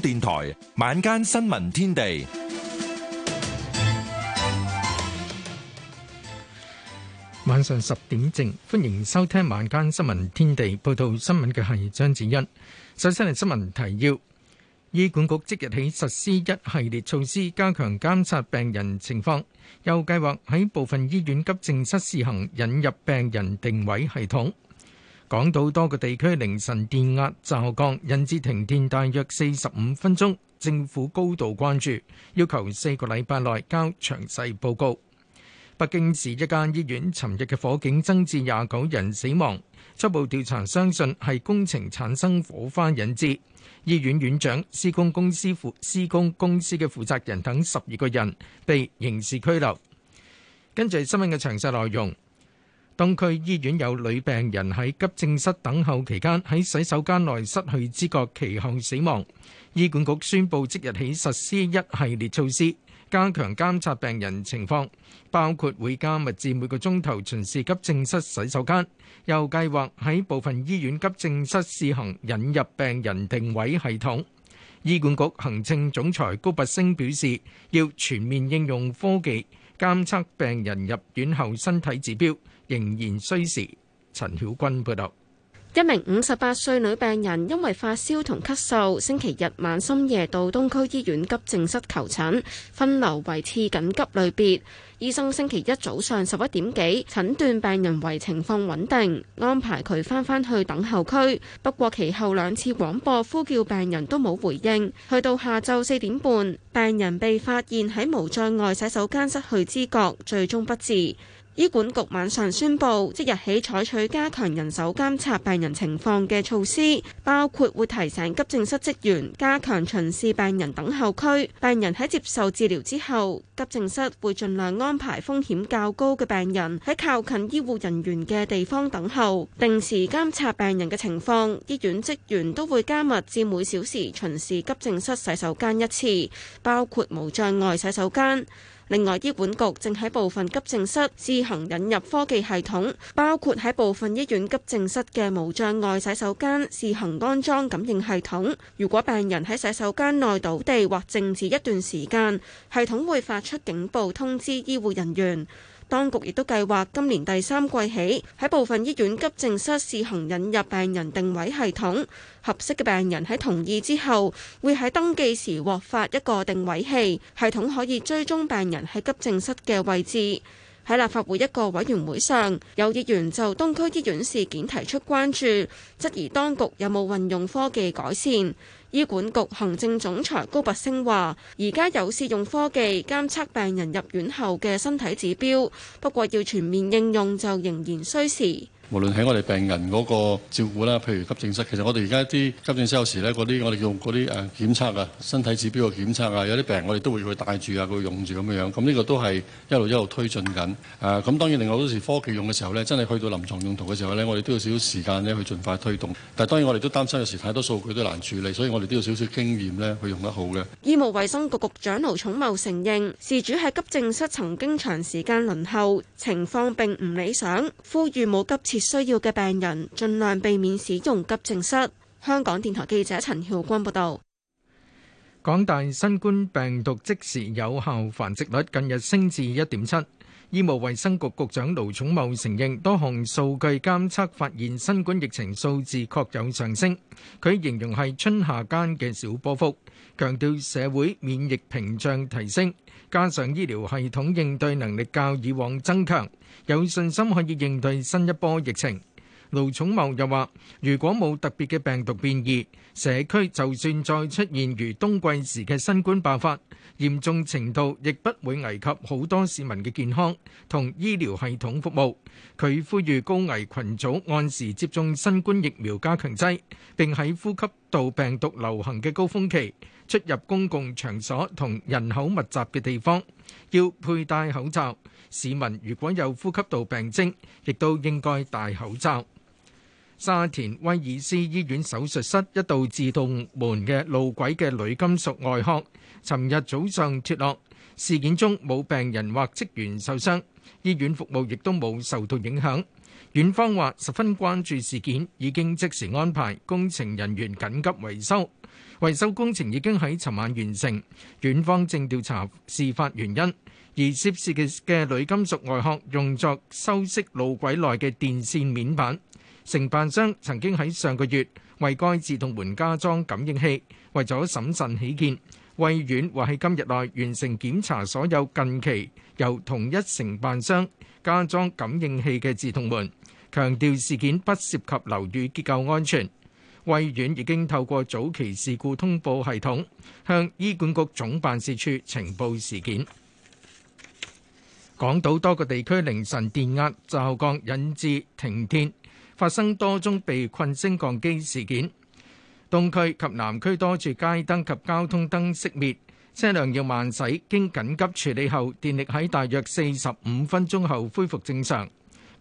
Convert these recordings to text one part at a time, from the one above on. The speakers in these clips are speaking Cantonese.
電台晚間新聞天地，晚上十點正，歡迎收聽晚間新聞天地。報道新聞嘅係張子欣。首先嚟新聞提要：醫管局即日起實施一系列措施，加強監察病人情況，又計劃喺部分醫院急症室試行引入病人定位系統。港島多個地區凌晨電壓驟降，引致停電大約四十五分鐘。政府高度關注，要求四個禮拜內交詳細報告。北京市一間醫院尋日嘅火警增至廿九人死亡，初步調查相信係工程產生火花引致。醫院院長、施工公司負施工公司嘅負責人等十二個人被刑事拘留。跟住新聞嘅詳細內容。東區醫院有女病人喺急症室等候期間，喺洗手間內失去知覺，其後死亡。醫管局宣布即日起實施一系列措施，加強監察病人情況，包括會加密至每個鐘頭巡視急症室洗手間，又計劃喺部分醫院急症室試行引入病人定位系統。醫管局行政總裁高拔升表示，要全面應用科技監測病人入院後身體指標。仍然需時。陳曉君報道：「一名五十八歲女病人因為發燒同咳嗽，星期日晚深夜到東區醫院急症室求診，分流為次緊急類別。醫生星期一早上十一點幾診斷病人為情況穩定，安排佢翻返去等候區。不過其後兩次廣播呼叫病人都冇回應，去到下晝四點半，病人被發現喺無障礙洗手間失去知覺，最終不治。醫管局晚上宣佈，即日起採取加強人手監察病人情況嘅措施，包括會提醒急症室職員加強巡視病人等候區，病人喺接受治療之後，急症室會盡量安排風險較高嘅病人喺靠近醫護人員嘅地方等候，定時監察病人嘅情況，醫院職員都會加密至每小時巡視急症室洗手間一次，包括無障礙洗手間。另外，醫管局正喺部分急症室試行引入科技系統，包括喺部分醫院急症室嘅無障礙洗手間試行安裝感應系統。如果病人喺洗手間內倒地或靜止一段時間，系統會發出警報通知醫護人員。當局亦都計劃今年第三季起，喺部分醫院急症室試行引入病人定位系統，合適嘅病人喺同意之後，會喺登記時獲發一個定位器，系統可以追蹤病人喺急症室嘅位置。喺立法會一個委員會上，有議員就東區醫院事件提出關注，質疑當局有冇運用科技改善。醫管局行政總裁高拔升話：而家有試用科技監測病人入院後嘅身體指標，不過要全面應用就仍然需時。無論喺我哋病人嗰個照顧啦，譬如急症室，其實我哋而家啲急症室有時咧，嗰啲我哋用嗰啲誒檢測啊、身體指標嘅檢測啊，有啲病我哋都會去帶住啊，佢用住咁樣樣，咁呢個都係一路一路推進緊。誒，咁當然另外好多時科技用嘅時候咧，真係去到臨床用途嘅時候咧，我哋都要少少時間咧去盡快推動。但係當然我哋都擔心有時太多數據都難處理，所以我哋都要少少經驗咧去用得好嘅。醫務衛生局局，局長盧寵茂承認，事主喺急症室曾經長時間輪候，情況並唔理想，呼籲冇急需要嘅病人，儘量避免使用急症室。香港電台記者陳曉君報道。港大新冠病毒即時有效繁殖率近日升至一點七。醫務衛生局局長盧寵茂承認，多項數據監測發現，新冠疫情數字確有上升。佢形容係春夏間嘅小波幅，強調社會免疫屏障提升。加上醫療系統應對能力較以往增強，有信心可以應對新一波疫情。盧寵茂又話，如果冇特別嘅病毒變異，社區就算再出現如冬季時嘅新冠爆發，嚴重程度亦不會危及好多市民嘅健康同醫療系統服務。佢呼籲高危群組按時接種新冠疫苗加強劑，並喺呼吸道病毒流行嘅高峯期，出入公共場所同人口密集嘅地方要佩戴口罩。市民如果有呼吸道病徵，亦都應該戴口罩。沙田威爾斯醫院手術室一道自動門嘅路軌嘅鋁金屬外殼，尋日早上脫落。事件中冇病人或職員受傷，醫院服務亦都冇受到影響。院方話十分關注事件，已經即時安排工程人員緊急維修。維修工程已經喺尋晚完成。院方正調查事發原因，而涉事嘅嘅鋁金屬外殼用作修飾路軌內嘅電線面板。承辦商曾經喺上個月為該自動門加裝感應器，為咗審慎起見，威院話喺今日內完成檢查所有近期由同一承辦商加裝感應器嘅自動門。強調事件不涉及樓宇結構安全。威院已經透過早期事故通報系統向醫管局總辦事處呈報事件。港島多個地區凌晨電壓驟降，引致停電，發生多宗被困升降機事件。東區及南區多處街燈及交通燈熄滅，車輛要慢駛。經緊急處理後，電力喺大約四十五分鐘後恢復正常。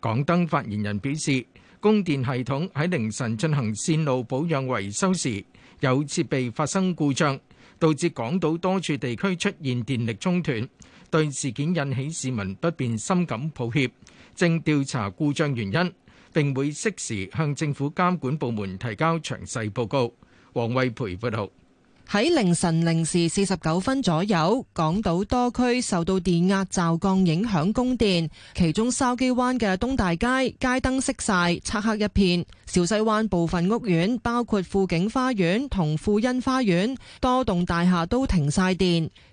港燈發言人表示，供電系統喺凌晨進行線路保養維修時，有設備發生故障，導致港島多處地區出現電力中斷。對事件引起市民不便深感抱歉，正調查故障原因，並會適時向政府監管部門提交詳細報告。王惠培報導。喺凌晨零時四十九分左右，港島多區受到電壓驟降影響供電，其中筲箕灣嘅東大街街燈熄晒，漆黑一片；小西灣部分屋苑，包括富景花園同富欣花園，多棟大廈都停晒電。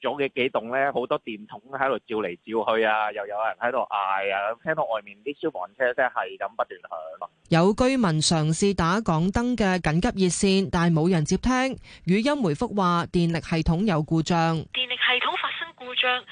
有嘅幾棟呢，好多電筒喺度照嚟照去啊，又有人喺度嗌啊，聽到外面啲消防車聲係咁不斷響。有居民嘗試打港燈嘅緊急熱線，但係冇人接聽，語音回覆話電力系統有故障。電力系統發生故障。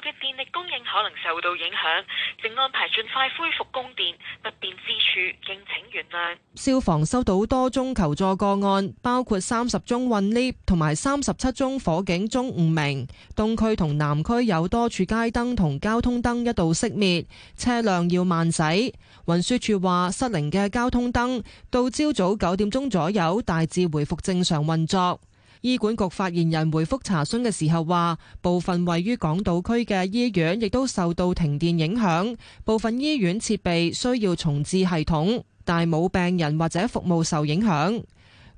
嘅電力供應可能受到影響，正安排盡快恢復供電，不便之處敬請原諒。消防收到多宗求助個案，包括三十宗混溺同埋三十七宗火警明，中五名。東區同南區有多處街燈同交通燈一度熄滅，車輛要慢駛。運輸處話失靈嘅交通燈到朝早九點鐘左右大致回復正常運作。醫管局發言人回覆查詢嘅時候話，部分位於港島區嘅醫院亦都受到停電影響，部分醫院設備需要重置系統，但冇病人或者服務受影響。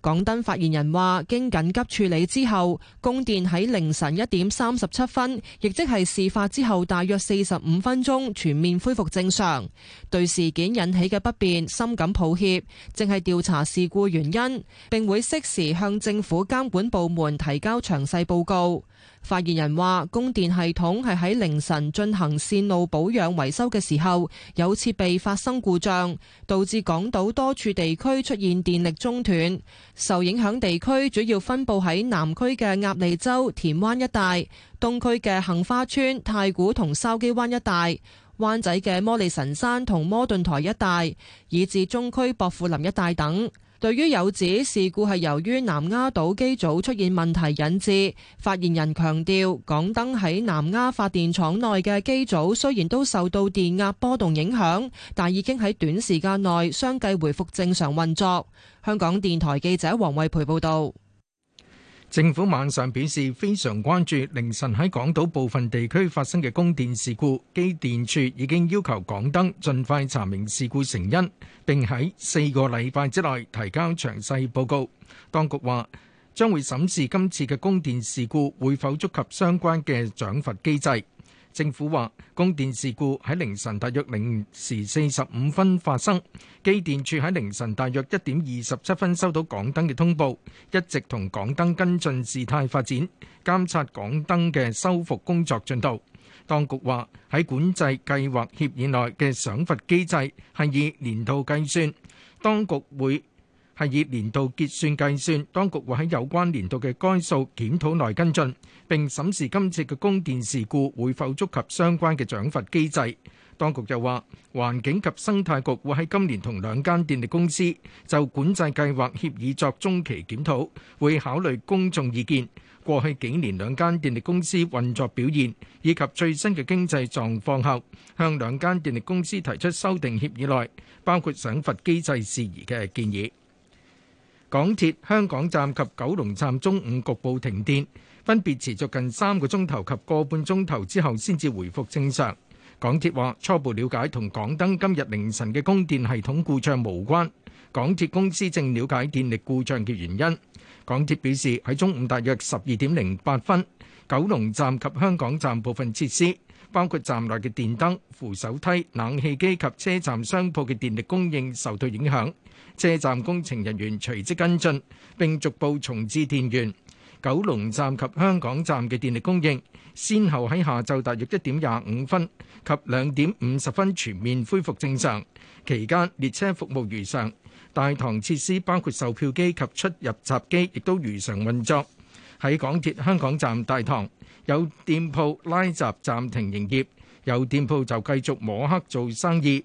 港燈發言人話：經緊急處理之後，供電喺凌晨一點三十七分，亦即係事發之後大約四十五分鐘全面恢復正常。對事件引起嘅不便深感抱歉，正係調查事故原因，並會適時向政府監管部門提交詳細報告。發言人話，供電系統係喺凌晨進行線路保養維修嘅時候，有設備發生故障，導致港島多處地區出現電力中斷。受影響地區主要分布喺南區嘅鴨脷洲、田灣一帶，東區嘅杏花邨、太古同筲箕灣一帶，灣仔嘅摩利臣山同摩頓台一帶，以至中區薄扶林一帶等。對於有指事故係由於南丫島機組出現問題引致，發言人強調，港燈喺南丫發電廠內嘅機組雖然都受到電壓波動影響，但已經喺短時間內相繼回復正常運作。香港電台記者黃慧培報道。政府晚上表示非常關注凌晨喺港島部分地區發生嘅供電事故，機電署已經要求港燈盡快查明事故成因，並喺四個禮拜之內提交詳細報告。當局話將會審視今次嘅供電事故會否觸及相關嘅獎罰機制。政府話供電事故喺凌晨大約零時四十五分發生，機電處喺凌晨大約一點二十七分收到港燈嘅通報，一直同港燈跟進事態發展，監察港燈嘅修復工作進度。當局話喺管制計劃協議內嘅賞罰機制係以年度計算，當局會係以年度結算計算，當局會喺有關年度嘅該數檢討內跟進。並審視今次嘅供電事故會否觸及相關嘅獎罰機制。當局又話，環境及生態局會喺今年同兩間電力公司就管制計劃協議作中期檢討，會考慮公眾意見、過去幾年兩間電力公司運作表現以及最新嘅經濟狀況後，向兩間電力公司提出修訂協議內包括獎罰機制事宜嘅建議。港鐵香港站及九龍站中午局部停電。分別持續近三個鐘頭及個半鐘頭之後，先至回復正常。港鐵話初步了解同港燈今日凌晨嘅供電系統故障無關。港鐵公司正了解電力故障嘅原因。港鐵表示，喺中午大約十二點零八分，九龍站及香港站部分設施，包括站內嘅電燈、扶手梯、冷氣機及車站商鋪嘅電力供應受到影響。車站工程人員隨即跟進，並逐步重置電源。九龍站及香港站嘅電力供應，先後喺下晝大約一點廿五分及兩點五十分全面恢復正常。期間，列車服務如常，大堂設施包括售票機及出入閘機亦都如常運作。喺港鐵香港站大堂，有店鋪拉閘暫停營業，有店鋪就繼續摸黑做生意。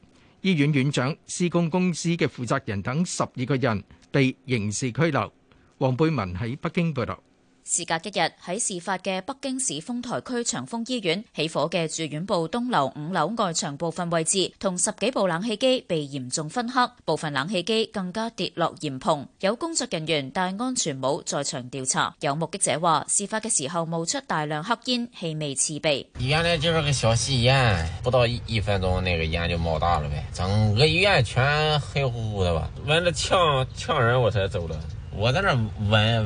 醫院院長、施工公司嘅負責人等十二個人被刑事拘留。黃貝文喺北京報道。事隔一日，喺事發嘅北京市豐台區長豐醫院起火嘅住院部東樓五樓外牆部分位置同十幾部冷氣機被嚴重燻黑，部分冷氣機更加跌落檐篷。有工作人員戴安全帽在場調查。有目擊者話，事發嘅時候冒出大量黑煙，氣味刺鼻。原來就是個小細煙，不到一一分鐘，那個煙就冒大了唄，整個醫院全黑乎乎的吧，聞着嗆嗆人，我才走了。我在那聞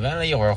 聞了一會。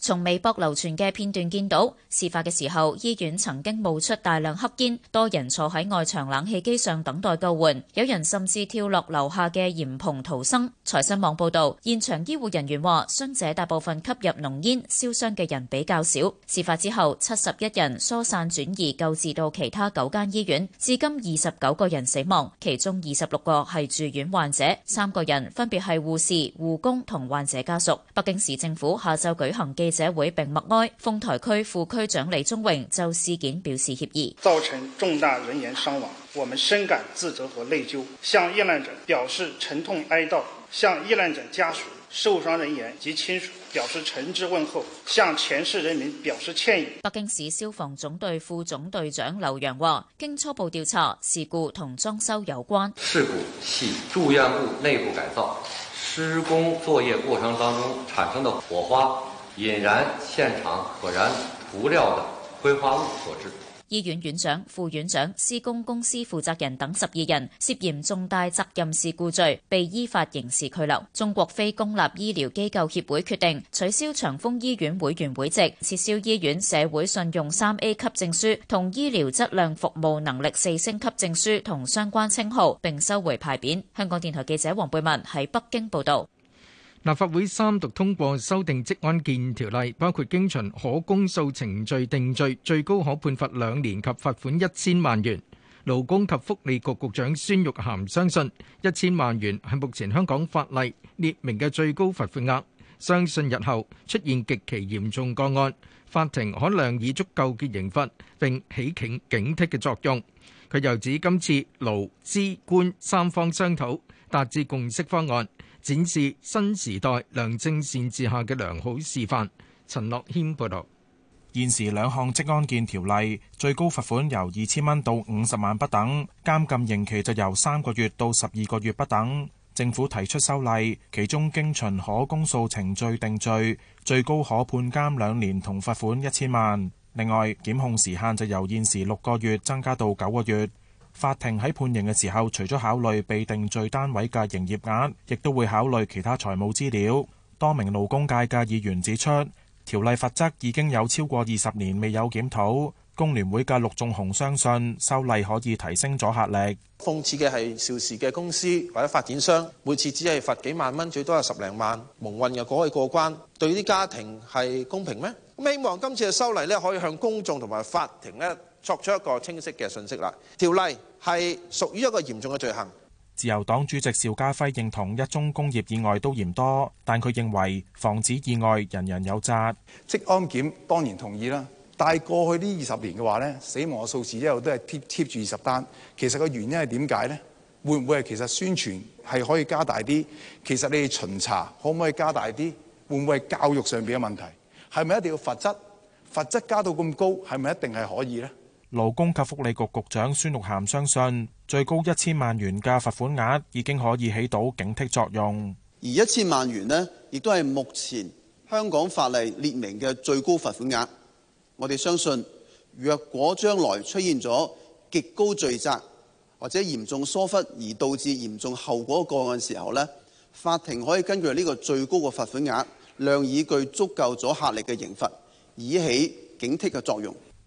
從微博流傳嘅片段見到，事發嘅時候醫院曾經冒出大量黑煙，多人坐喺外牆冷氣機上等待救援，有人甚至跳落樓下嘅簷篷逃生。財新網報導，現場醫護人員話，傷者大部分吸入濃煙，燒傷嘅人比較少。事發之後，七十一人疏散轉移救治到其他九間醫院，至今二十九個人死亡，其中二十六個係住院患者，三個人分別係護士、護工同患者家屬。北京市政府下晝舉行記者會並默哀，豐台區副區長李忠榮就事件表示歉意。造成重大人員傷亡，我們深感自責和內疚，向遇難者表示沉痛哀悼，向遇難者家屬、受傷人員及親屬表示誠摯問候，向全市人民表示歉意。北京市消防總隊副總隊，副總隊長劉洋話，經初步調查，事故同裝修有關。事故係住院部內部改造施工作業過程當中產生的火花。引燃現場可燃塗料的揮發物所致。醫院院長、副院長、施工公司負責人等十二人涉嫌重大責任事故罪，被依法刑事拘留。中國非公立醫療機構協會決定取消長峰醫院會員會籍，撤銷醫院社會信用三 A 級證書同醫療質量服務能力四星級證書同相關稱號，並收回牌匾。香港電台記者黃貝文喺北京報導。立法會三讀通過修訂職安健條例，包括經循可公訴程序定罪，最高可判罰兩年及罰款一千萬元。勞工及福利局局長孫玉菡相信，一千萬元係目前香港法例列明嘅最高罰款額。相信日後出現極其嚴重個案，法庭可量以足夠嘅刑罰，並起警警惕嘅作用。佢又指今次勞資官三方商討達至共識方案。展示新時代良政善治下嘅良好示範。陳樂謙報道，現時兩項職安健條例最高罰款由二千蚊到五十萬不等，監禁刑期就由三個月到十二個月不等。政府提出修例，其中經循可公訴程序定罪，最高可判監兩年同罰款一千萬。另外，檢控時限就由現時六個月增加到九個月。法庭喺判刑嘅時候，除咗考慮被定罪單位嘅營業額，亦都會考慮其他財務資料。多名勞工界嘅議員指出，條例罰則已經有超過二十年未有檢討。工聯會嘅陸仲雄相信，修例可以提升咗合力。諷刺嘅係肇事嘅公司或者發展商，每次只係罰幾萬蚊，最多係十零萬，蒙混又可以過關，對啲家庭係公平咩？咁希望今次嘅修例咧，可以向公眾同埋法庭咧。作出一個清晰嘅信息啦。條例係屬於一個嚴重嘅罪行。自由黨主席邵家輝認同一宗工業意外都嫌多，但佢認為防止意外人人有責。職安檢當然同意啦，但係過去呢二十年嘅話呢，死亡嘅數字一路都係貼住二十單。其實個原因係點解呢？會唔會係其實宣傳係可以加大啲？其實你哋巡查可唔可以加大啲？會唔會係教育上面嘅問題？係咪一定要罰則？罰則加到咁高，係咪一定係可以呢？勞工及福利局局長孫玉菡相信，最高一千萬元嘅罰款額已經可以起到警惕作用。而一千萬元呢，亦都係目前香港法例列明嘅最高罰款額。我哋相信，若果將來出現咗極高罪責或者嚴重疏忽而導致嚴重後果個案時候呢，法庭可以根據呢個最高嘅罰款額，量以具足夠阻嚇力嘅刑罰，以起警惕嘅作用。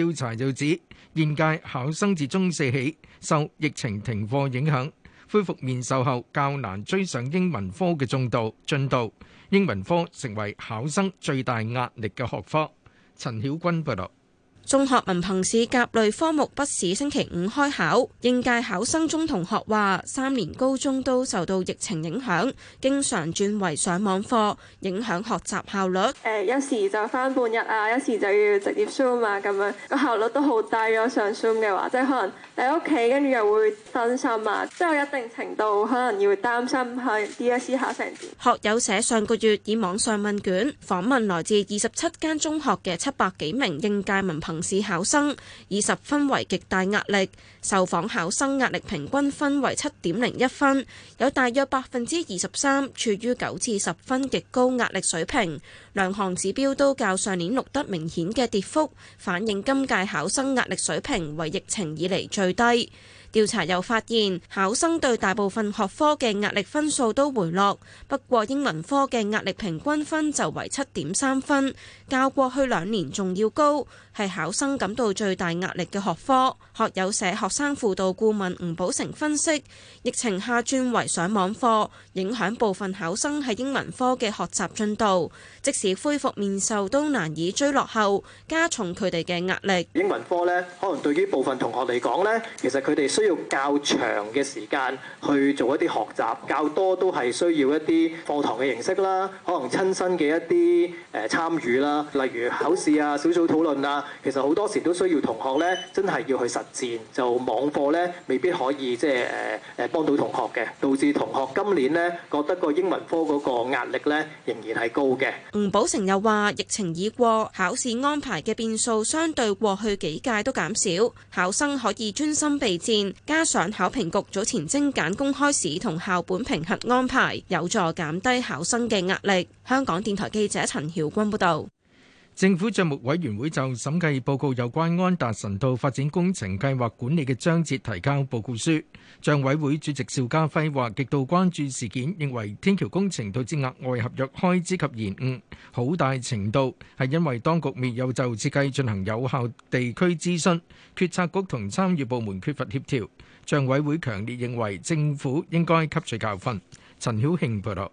調查就指，現屆考生自中四起受疫情停課影響，恢復面授後較難追上英文科嘅進度，英文科成為考生最大壓力嘅學科。陳曉君報導。中學文憑試甲類科目筆試星期五開考，應屆考生中同學話：三年高中都受到疫情影響，經常轉為上網課，影響學習效率。誒、欸，一時就返半日啊，一時就要直接 zoom 啊，咁樣個效率都好低。咗上 zoom 嘅話，即係可能喺屋企跟住又會分心啊，即係一定程度可能要擔心喺 DSE 考成點。學友社上個月以網上問卷訪問來自二十七間中學嘅七百幾名應屆文憑。市考生以十分為極大壓力，受訪考生壓力平均分為七點零一分，有大約百分之二十三處於九至十分極高壓力水平，兩項指標都較上年錄得明顯嘅跌幅，反映今屆考生壓力水平為疫情以嚟最低。調查又發現，考生對大部分學科嘅壓力分數都回落，不過英文科嘅壓力平均分就為七點三分，較過去兩年仲要高，係考生感到最大壓力嘅學科。學友社學生輔導顧問吳寶成分析：疫情下轉為上網課，影響部分考生喺英文科嘅學習進度，即使恢復面授都難以追落後，加重佢哋嘅壓力。英文科呢，可能對於部分同學嚟講呢，其實佢哋，需要較長嘅時間去做一啲學習，較多都係需要一啲課堂嘅形式啦，可能親身嘅一啲誒參與啦，例如考試啊、小組討論啊，其實好多時都需要同學咧，真係要去實踐，就網課咧未必可以即係誒誒幫到同學嘅，導致同學今年咧覺得個英文科嗰個壓力咧仍然係高嘅。吳寶成又話：疫情已過，考試安排嘅變數相對過去幾屆都減少，考生可以專心備戰。加上考評局早前精簡公開試同校本評核安排，有助減低考生嘅壓力。香港電台記者陳曉君報道。政府帳目委員會就審計報告有關安達臣道發展工程計劃管理嘅章節提交報告書。帳委會主席邵家輝話：極度關注事件，認為天橋工程導致額外合約開支及延誤，好大程度係因為當局未有就設計進行有效地區諮詢，決策局同參與部門缺乏協調。帳委會強烈認為政府應該吸取教訓。陳曉慶報導。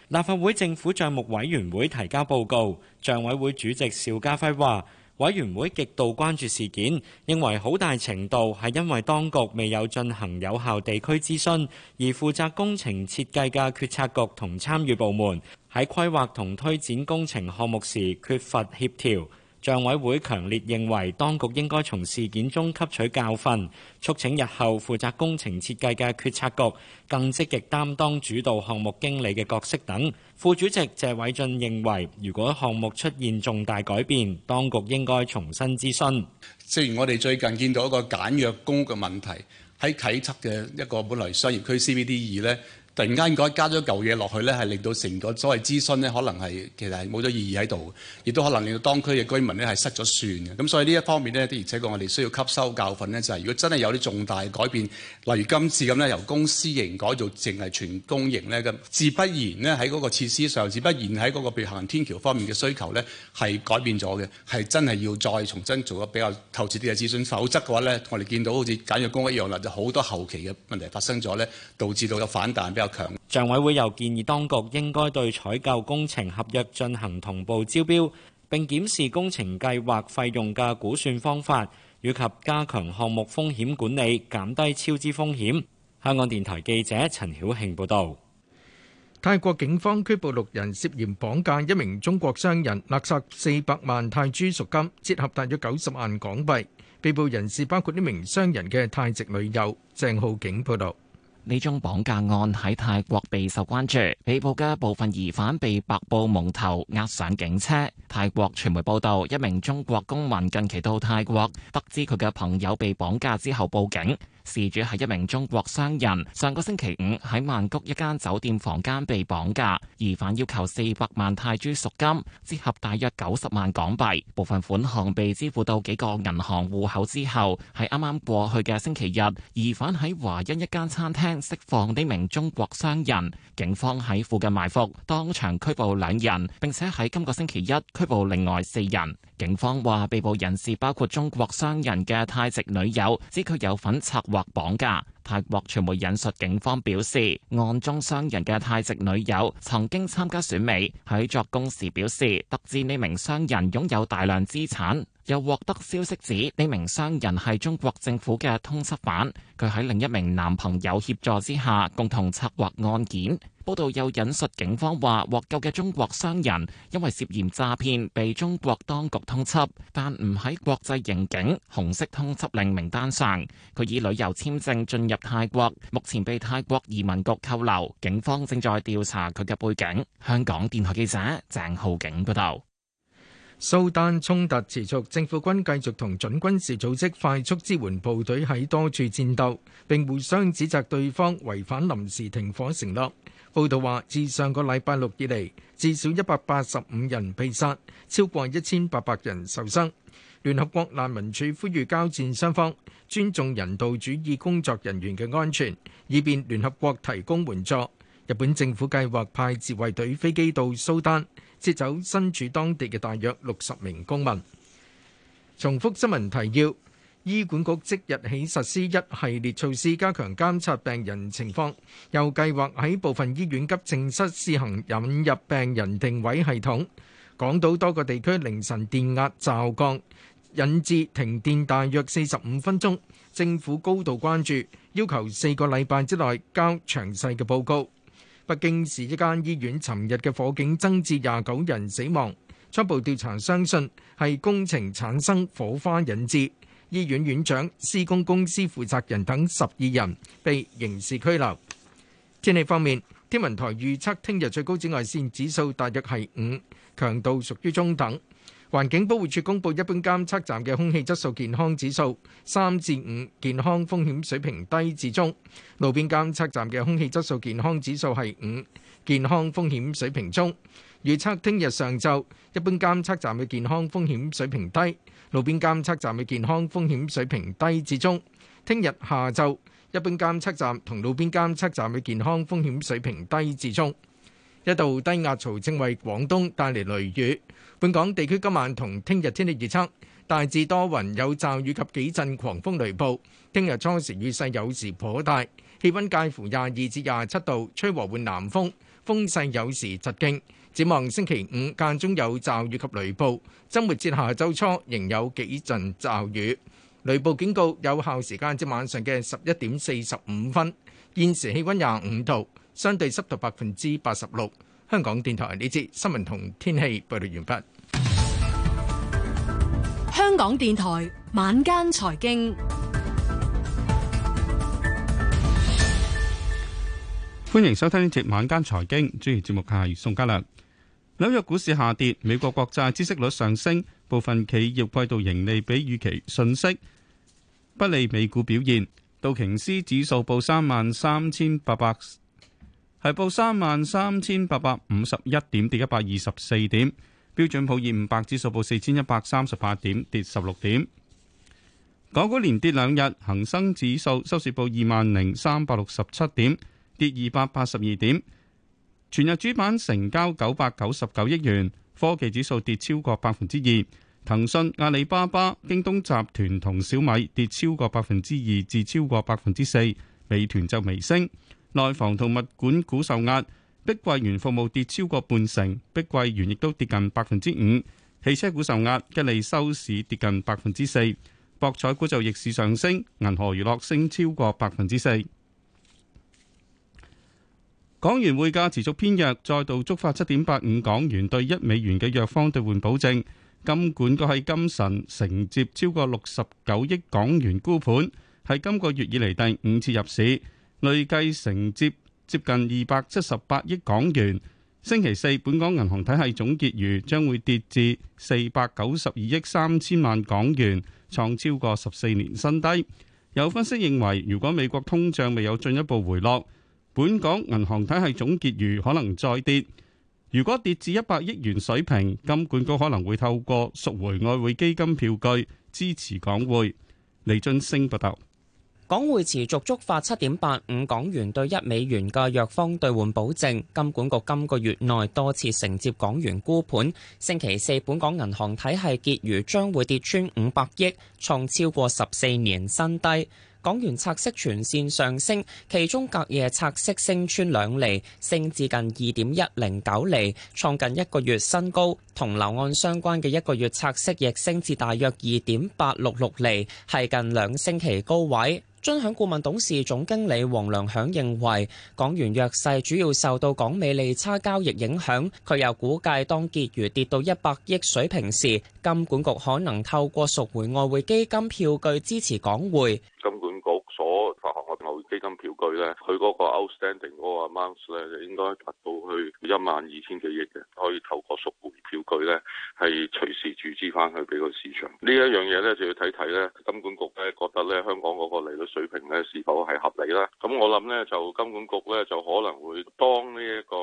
立法會政府賬目委員會提交報告，賬委會主席邵家輝話，委員會極度關注事件，認為好大程度係因為當局未有進行有效地區諮詢，而負責工程設計嘅決策局同參與部門喺規劃同推展工程項目時缺乏協調。帳委會強烈認為當局應該從事件中吸取教訓，促請日後負責工程設計嘅決策局更積極擔當主導項目經理嘅角色等。副主席謝偉俊認為，如果項目出現重大改變，當局應該重新諮詢。雖然我哋最近見到一個簡約工嘅問題喺啟德嘅一個本來商業區 CBD 二咧。突然間改加咗舊嘢落去咧，係令到成個所謂諮詢咧，可能係其實係冇咗意義喺度，亦都可能令到當區嘅居民咧係失咗算嘅。咁所以呢一方面咧，的而且確我哋需要吸收教訓咧，就係、是、如果真係有啲重大改變，例如今次咁咧，由公私營改造淨係全公營咧咁，自不然咧喺嗰個設施上，自不然喺嗰、那個步行天橋方面嘅需求咧係改變咗嘅，係真係要再重新做一個比較透徹啲嘅諮詢，否則嘅話咧，我哋見到好似簡約公屋一樣啦，就好多後期嘅問題發生咗咧，導致到有反彈比較。帳委會又建議當局應該對採購工程合約進行同步招標，並檢視工程計劃費用嘅估算方法，以及加強項目風險管理，減低超支風險。香港電台記者陳曉慶報道。泰國警方拘捕六人涉嫌綁架一名中國商人，勒索四百萬泰銖贖金，折合大約九十萬港幣。被捕人士包括呢名商人嘅泰籍女友。鄭浩景報道。呢宗綁架案喺泰國備受關注，被捕嘅部分疑犯被白布蒙頭押上警車。泰國傳媒報道，一名中國公民近期到泰國，得知佢嘅朋友被綁架之後報警。事主係一名中國商人，上個星期五喺曼谷一間酒店房間被綁架，疑犯要求四百萬泰銖贖金，折合大約九十萬港幣。部分款項被支付到幾個銀行戶口之後，喺啱啱過去嘅星期日，疑犯喺華欣一間餐廳釋放呢名中國商人，警方喺附近埋伏，當場拘捕兩人，並且喺今個星期一拘捕另外四人。警方話，被捕人士包括中國商人嘅泰籍女友，指佢有份策劃綁架。泰國傳媒引述警方表示，案中商人嘅泰籍女友曾經參加選美，喺作供時表示，得知呢名商人擁有大量資產。又獲得消息指，呢名商人係中國政府嘅通緝犯。佢喺另一名男朋友協助之下，共同策劃案件。報道又引述警方話，獲救嘅中國商人因為涉嫌詐騙，被中國當局通緝，但唔喺國際刑警紅色通緝令名單上。佢以旅遊簽證進入泰國，目前被泰國移民局扣留。警方正在調查佢嘅背景。香港電台記者鄭浩景報道。蘇丹衝突持續，政府軍繼續同準軍事組織快速支援部隊喺多處戰鬥，並互相指責對方違反臨時停火承諾。報道話，自上個禮拜六以嚟，至少一百八十五人被殺，超過一千八百人受傷。聯合國難民署呼籲交戰雙方尊重人道主義工作人員嘅安全，以便聯合國提供援助。日本政府計劃派自衛隊飛機到蘇丹。撤走身處當地嘅大約六十名公民。重複新聞提要，醫管局即日起實施一系列措施，加強監察病人情況，又計劃喺部分醫院急症室試行引入病人定位系統。港島多個地區凌晨電壓驟降，引致停電大約四十五分鐘。政府高度關注，要求四個禮拜之內交詳細嘅報告。北京市一間醫院尋日嘅火警增至廿九人死亡，初步調查相信係工程產生火花引致。醫院院長、施工公司負責人等十二人被刑事拘留。天氣方面，天文台預測聽日最高紫外線指數大約係五，強度屬於中等。環境保護署公布一般監測站嘅空氣質素健康指數三至五，健康風險水平低至中；路邊監測站嘅空氣質素健康指數係五，健康風險水平中。預測聽日上晝一般監測站嘅健康風險水平低，路邊監測站嘅健康風險水平低至中。聽日下晝一般監測站同路邊監測站嘅健康風險水平低至中。一度低壓槽正為廣東帶嚟雷雨。本港地區今晚同聽日天氣預測，大致多雲，有驟雨及幾陣狂風雷暴。聽日初時雨勢有時頗大，氣溫介乎廿二至廿七度，吹和緩南風，風勢有時疾勁。展望星期五間中有驟雨及雷暴，周末至下周初仍有幾陣驟雨。雷暴警告有效時間至晚上嘅十一點四十五分。現時氣溫廿五度，相對濕度百分之八十六。香港電台呢節新聞同天氣報道完畢。香港電台晚間財經，歡迎收聽呢節晚間財經，主持節目係宋嘉良。紐約股市下跌，美國國債孳息率上升，部分企業季度盈利比預期遜色，不利美股表現。道瓊斯指數報三萬三千八百，係報三萬三千八百五十一點，跌一百二十四點。標準普爾五百指數，報四千一百三十八點，跌十六點。港股連跌兩日，恒生指數收市報二萬零三百六十七點，跌二百八十二點。全日主板成交九百九十九億元，科技指數跌超過百分之二，騰訊、阿里巴巴、京東集團同小米跌超過百分之二至超過百分之四，美團就微升。內房同物管股受壓。碧桂園服務跌超過半成，碧桂園亦都跌近百分之五。汽車股受壓，吉利收市跌近百分之四。博彩股就逆市上升，銀河娛樂升超過百分之四。港元匯價持續偏弱，再度觸發七點八五港元對一美元嘅弱方兌換保證。金管局喺今晨承接超過六十九億港元沽盤，係今個月以嚟第五次入市，累計承接，接近二百七十八億港元，星期四本港銀行體系總結餘將會跌至四百九十二億三千萬港元，創超過十四年新低。有分析認為，如果美國通脹未有進一步回落，本港銀行體系總結餘可能再跌。如果跌至一百億元水平，金管局可能會透過贖回外匯基金票據支持港匯。李津升報道。港匯持續觸發七點八五港元兌一美元嘅弱方兌換保證，金管局今個月內多次承接港元沽盤。星期四，本港銀行體系結餘將會跌穿五百億，創超過十四年新低。港元拆息全線上升，其中隔夜拆息升穿兩厘，升至近二點一零九厘，創近一個月新高。同樓按相關嘅一個月拆息亦升至大約二點八六六厘，係近兩星期高位。尊享顧問董事總經理黃良響認為，港元弱勢主要受到港美利差交易影響。佢又估計，當結餘跌到一百億水平時，金管局可能透過贖回外匯基金票據支持港匯。發行嘅外匯基金票據咧，佢嗰個 outstanding 嗰個 amount 咧，就應該達到去一萬二千幾億嘅，可以透過贖回票據咧，係隨時注資翻去俾個市場。呢一樣嘢咧，就要睇睇咧，金管局咧覺得咧，香港嗰個利率水平咧是否係合理啦。咁我諗咧，就金管局咧就可能會當呢一個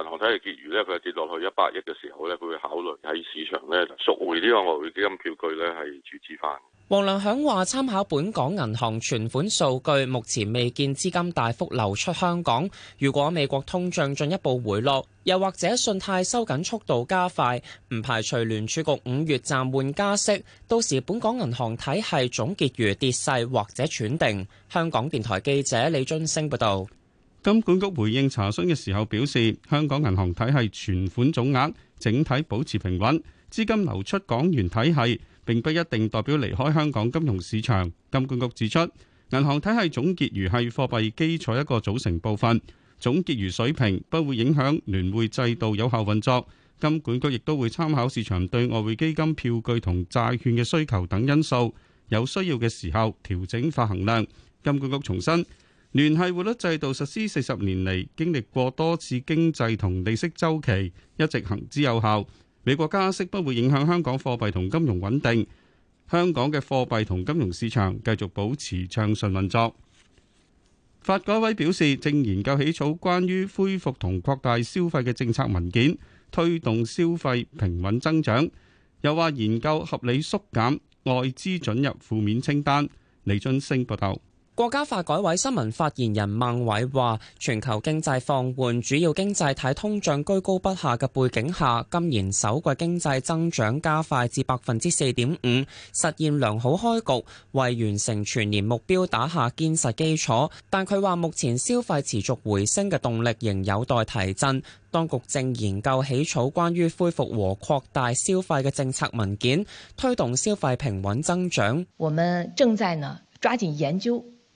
銀行體系結餘咧，佢跌落去一百億嘅時候咧，佢會考慮喺市場咧就贖回呢個外匯基金票據咧，係注資翻。黃良響話：參考本港銀行存款數據，目前未見資金大幅流出香港。如果美國通脹進一步回落，又或者信貸收緊速度加快，唔排除聯儲局五月暫緩加息。到時本港銀行體系總結餘跌勢或者轉定。香港電台記者李津升報道。金管局回應查詢嘅時候表示，香港銀行體系存款總額整體保持平穩，資金流出港元體系，並不一定代表離開香港金融市場。金管局指出，銀行體系總結餘係貨幣基礎一個組成部分，總結餘水平不會影響聯匯制度有效運作。金管局亦都會參考市場對外匯基金票據同債券嘅需求等因素，有需要嘅時候調整發行量。金管局重申，聯繫匯率制度實施四十年嚟，經歷過多次經濟同利息週期，一直行之有效。美國加息不會影響香港貨幣同金融穩定，香港嘅貨幣同金融市場繼續保持暢順運作。發改委表示，正研究起草關於恢復同擴大消費嘅政策文件，推動消費平穩增長。又話研究合理縮減外資准入負面清單。李津升報道。國家發改委新聞發言人孟偉話，全球經濟放緩、主要經濟體通脹居高不下嘅背景下，今年首季經濟增長加快至百分之四點五，實現良好開局，為完成全年目標打下堅實基礎。但佢話目前消費持續回升嘅動力仍有待提振，當局正研究起草關於恢復和擴大消費嘅政策文件，推動消費平穩增長。我們正在呢抓緊研究。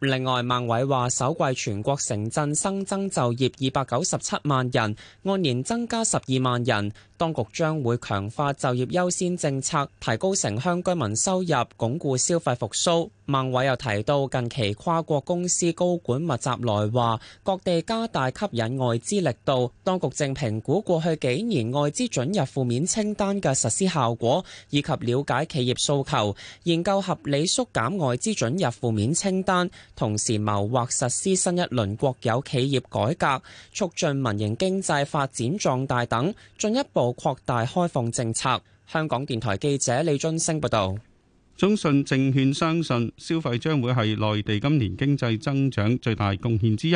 另外，孟偉話，首季全國城鎮新增就業二百九十七萬人，按年增加十二萬人。當局將會強化就業優先政策，提高城鄉居民收入，鞏固消費復甦。孟偉又提到，近期跨國公司高管密集來華，各地加大吸引外資力度。當局正評估過去幾年外資准入負面清單嘅實施效果，以及了解企業訴求，研究合理縮減外資准入負面清單，同時謀劃實施新一輪國有企業改革，促進民營經濟發展壯大等，進一步擴大開放政策。香港電台記者李津升報道。中信證券相信，消費將會係內地今年經濟增長最大貢獻之一，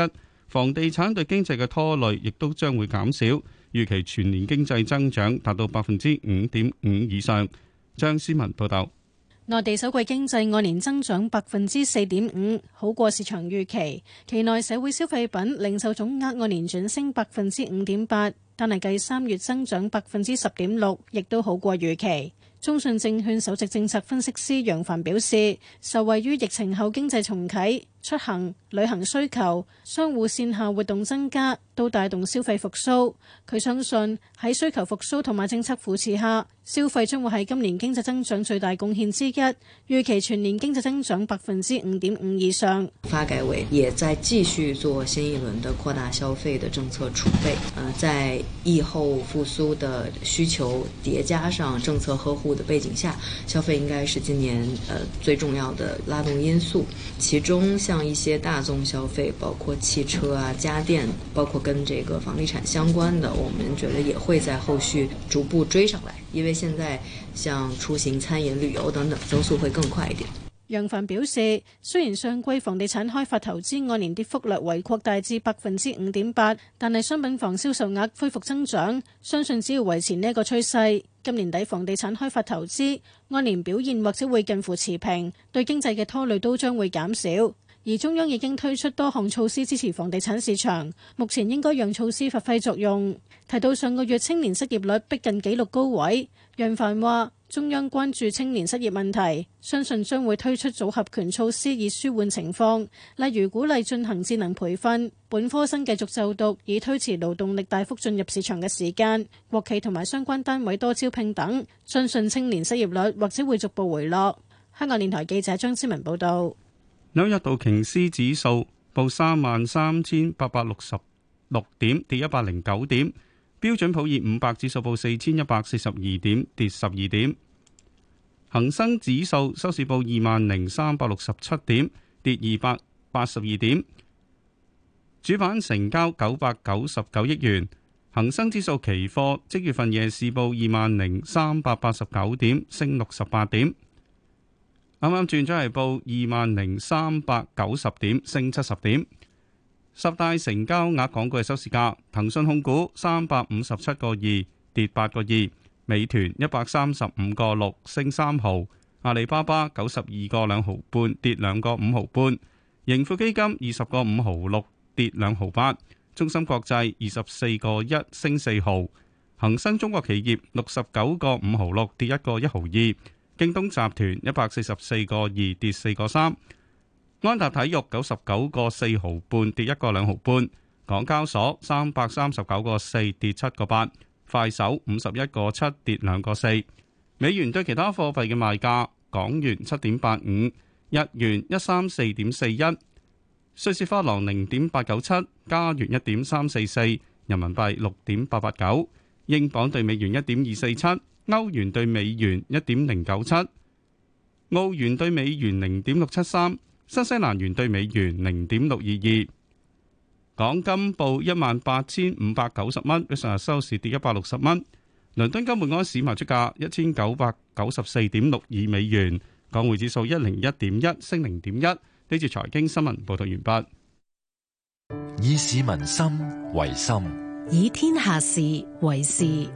房地產對經濟嘅拖累亦都將會減少，預期全年經濟增長達到百分之五點五以上。張思文報道。內地首季經濟按年增長百分之四點五，好過市場預期。期內社會消費品零售總額按年轉升百分之五點八，但係計三月增長百分之十點六，亦都好過預期。中信證券首席政策分析師楊帆表示，受惠於疫情後經濟重啟。出行、旅行需求、商戶線下活動增加，都帶動消費復蘇。佢相信喺需求復蘇同埋政策扶持下，消費將會係今年經濟增長最大貢獻之一。預期全年經濟增長百分之五點五以上。發改委也在繼續做新一輪的擴大消費的政策儲備。呃，在疫後復蘇的需求疊加上政策呵護的背景下，消費應該是今年呃最重要的拉動因素。其中，像一些大宗消費，包括汽車啊、家電，包括跟這個房地產相關的，我們覺得也會在後續逐步追上來。因為現在像出行、餐飲、旅遊等等，增速會更快一點。楊帆表示，雖然上季房地產開發投資按年跌幅略為擴大至百分之五點八，但係商品房銷售額恢復增長，相信只要維持呢個趨勢，今年底房地產開發投資按年表現或者會近乎持平，對經濟嘅拖累都將會減少。而中央已經推出多項措施支持房地產市場，目前應該讓措施發揮作用。提到上個月青年失業率逼近紀錄高位，楊帆話：中央關注青年失業問題，相信將會推出組合拳措施以舒緩情況，例如鼓勵進行智能培訓、本科生繼續就讀，以推遲勞動力大幅進入市場嘅時間；國企同埋相關單位多招聘等，相信青年失業率或者會逐步回落。香港電台記者張之文報道。紐約道瓊斯指數報三萬三千八百六十六點，跌一百零九點；標準普爾五百指數報四千一百四十二點，跌十二點；恒生指數收市報二萬零三百六十七點，跌二百八十二點。主板成交九百九十九億元。恒生指數期貨即月份夜市報二萬零三百八十九點，升六十八點。啱啱轉咗嚟報二萬零三百九十點，升七十點。十大成交額港股嘅收市價：騰訊控股三百五十七個二，跌八個二；美團一百三十五個六，升三毫；阿里巴巴九十二個兩毫半，跌兩個五毫半；盈富基金二十個五毫六，跌兩毫八；中芯國際二十四個一，升四毫；恒生中國企業六十九個五毫六，跌一個一毫二。京東集團一百四十四個二跌四個三，安踏體育九十九個四毫半跌一個兩毫半，港交所三百三十九個四跌七個八，快手五十一個七跌兩個四，美元兌其他貨幣嘅賣價，港元七點八五，日元一三四點四一，瑞士法郎零點八九七，加元一點三四四，人民幣六點八八九，英鎊兌美元一點二四七。歐元對美元一點零九七，澳元對美元零點六七三，新西蘭元對美元零點六二二。港金報一萬八千五百九十蚊，比上日收市跌一百六十蚊。倫敦金換岸市賣出價一千九百九十四點六二美元。港匯指數一零一點一，升零點一。呢次財經新聞報道完畢。以市民心為心，以天下事為事。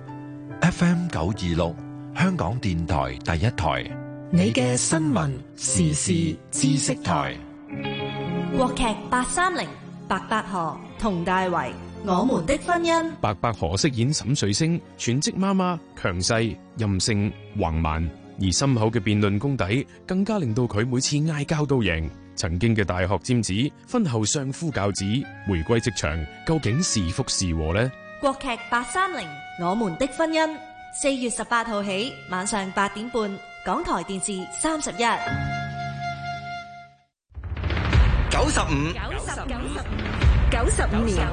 F M 九二六，26，香港電台第一台。你嘅新聞時事知識台。國劇八三零，白百何佟大為，我們的婚姻。白百何飾演沈水星，全職媽媽，強勢任性、橫蠻，而深厚嘅辯論功底，更加令到佢每次嗌交都贏。曾經嘅大學尖子，婚後相夫教子，回歸職場，究竟是福是禍呢？國劇八三零，我們的婚姻，四月十八號起，晚上八點半，港台電視三十一，九十五，九十五，九十五年，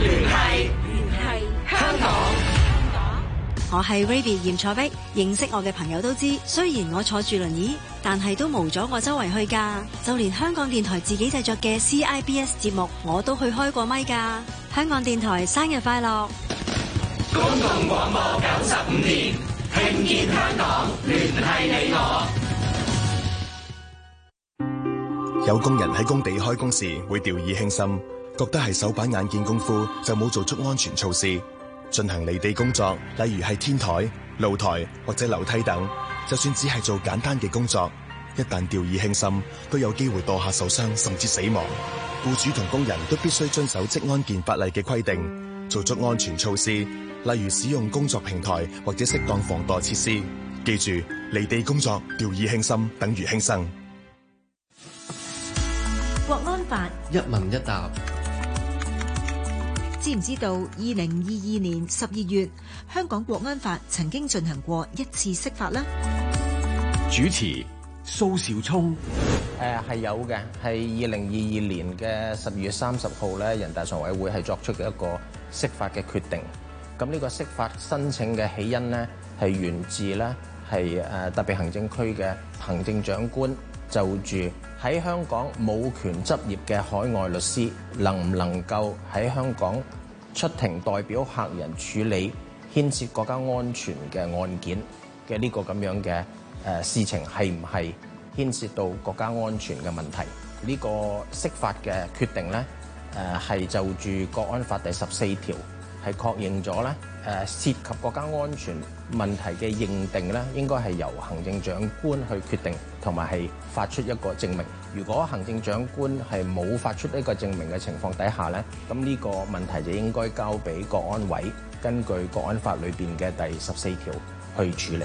聯繫，聯繫香港。我係 Raby 嚴楚碧，認識我嘅朋友都知，雖然我坐住輪椅，但係都冇咗我周圍去噶。就連香港電台自己製作嘅 CIBS 節目，我都去開過咪噶。香港電台生日快樂！公共廣播九十五年，聽見香港，聯繫你我。有工人喺工地開工時會掉以輕心，覺得係手板眼見功夫，就冇做足安全措施。進行離地工作，例如喺天台、露台或者樓梯等，就算只係做簡單嘅工作，一旦掉以輕心，都有機會墮下受傷甚至死亡。僱主同工人都必須遵守職安健法例嘅規定，做足安全措施，例如使用工作平台或者適當防墮設施。記住，離地工作掉以輕心等於輕生。國安法一問一答。知唔知道二零二二年十二月，香港國安法曾經進行過一次釋法呢？主持蘇兆聰，誒係、呃、有嘅，係二零二二年嘅十二月三十號咧，人大常委會係作出嘅一個釋法嘅決定。咁呢個釋法申請嘅起因呢，係源自咧係誒特別行政區嘅行政長官就住。喺香港冇權執業嘅海外律師能唔能夠喺香港出庭代表客人處理牽涉國家安全嘅案件嘅呢個咁樣嘅誒、呃、事情，係唔係牽涉到國家安全嘅問題，呢、這個釋法嘅決定咧，誒、呃、係就住《國安法》第十四條。係確認咗咧，誒、涉及國家安全問題嘅認定咧，應該係由行政長官去決定，同埋係發出一個證明。如果行政長官係冇發出呢個證明嘅情況底下咧，咁呢個問題就應該交俾國安委根據《國安法》裏邊嘅第十四條去處理。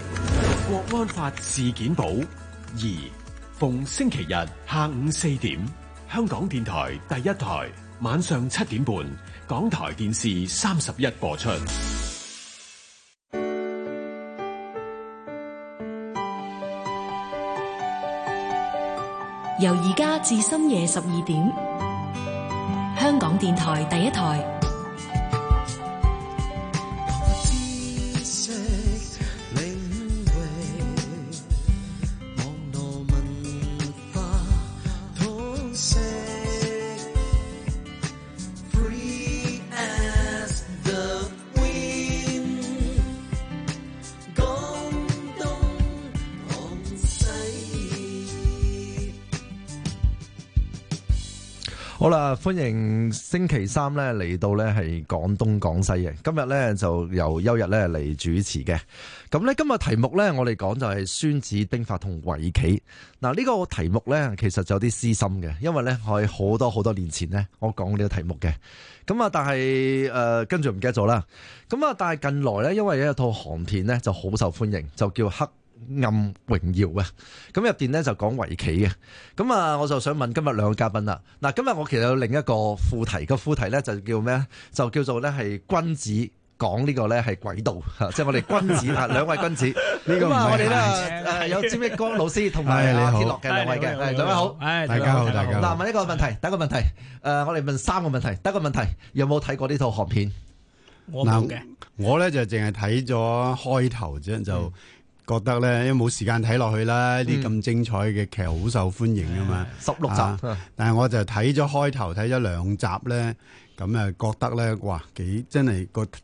《國安法》事件簿二，逢星期日下午四點，香港電台第一台晚上七點半。港台電視三十一播出，由而家至深夜十二點，香港電台第一台。好啦，歡迎星期三咧嚟到咧係廣東廣西嘅，今日咧就由優日咧嚟主持嘅，咁咧今日題目咧我哋講就係《孫子兵法》同《圍棋》。嗱，呢個題目咧其實就有啲私心嘅，因為咧我喺好多好多年前咧我講呢個題目嘅，咁啊但係誒跟住唔記得咗啦，咁啊但係近來咧因為有一套韓片咧就好受歡迎，就叫《黑》。暗榮耀嘅，咁入邊咧就講圍棋嘅，咁啊，我就想問今日兩個嘉賓啦。嗱，今日我其實有另一個副題，個副題咧就叫咩？就叫做咧係君子講呢個咧係軌道，即係我哋君子啊，兩位君子呢個唔係，係有詹益光老師同埋阿天樂嘅兩位嘅，兩位好，大家好，大家好。嗱，問一個問題，第一個問題，誒，我哋問三個問題，第一個問題，有冇睇過呢套賀片？我冇嘅，我咧就淨係睇咗開頭啫，就。覺得咧，因為冇時間睇落去啦，啲咁、嗯、精彩嘅劇好受歡迎啊嘛，十六、嗯、集，啊、但係我就睇咗開頭，睇咗兩集咧，咁啊覺得咧，哇，幾真係個。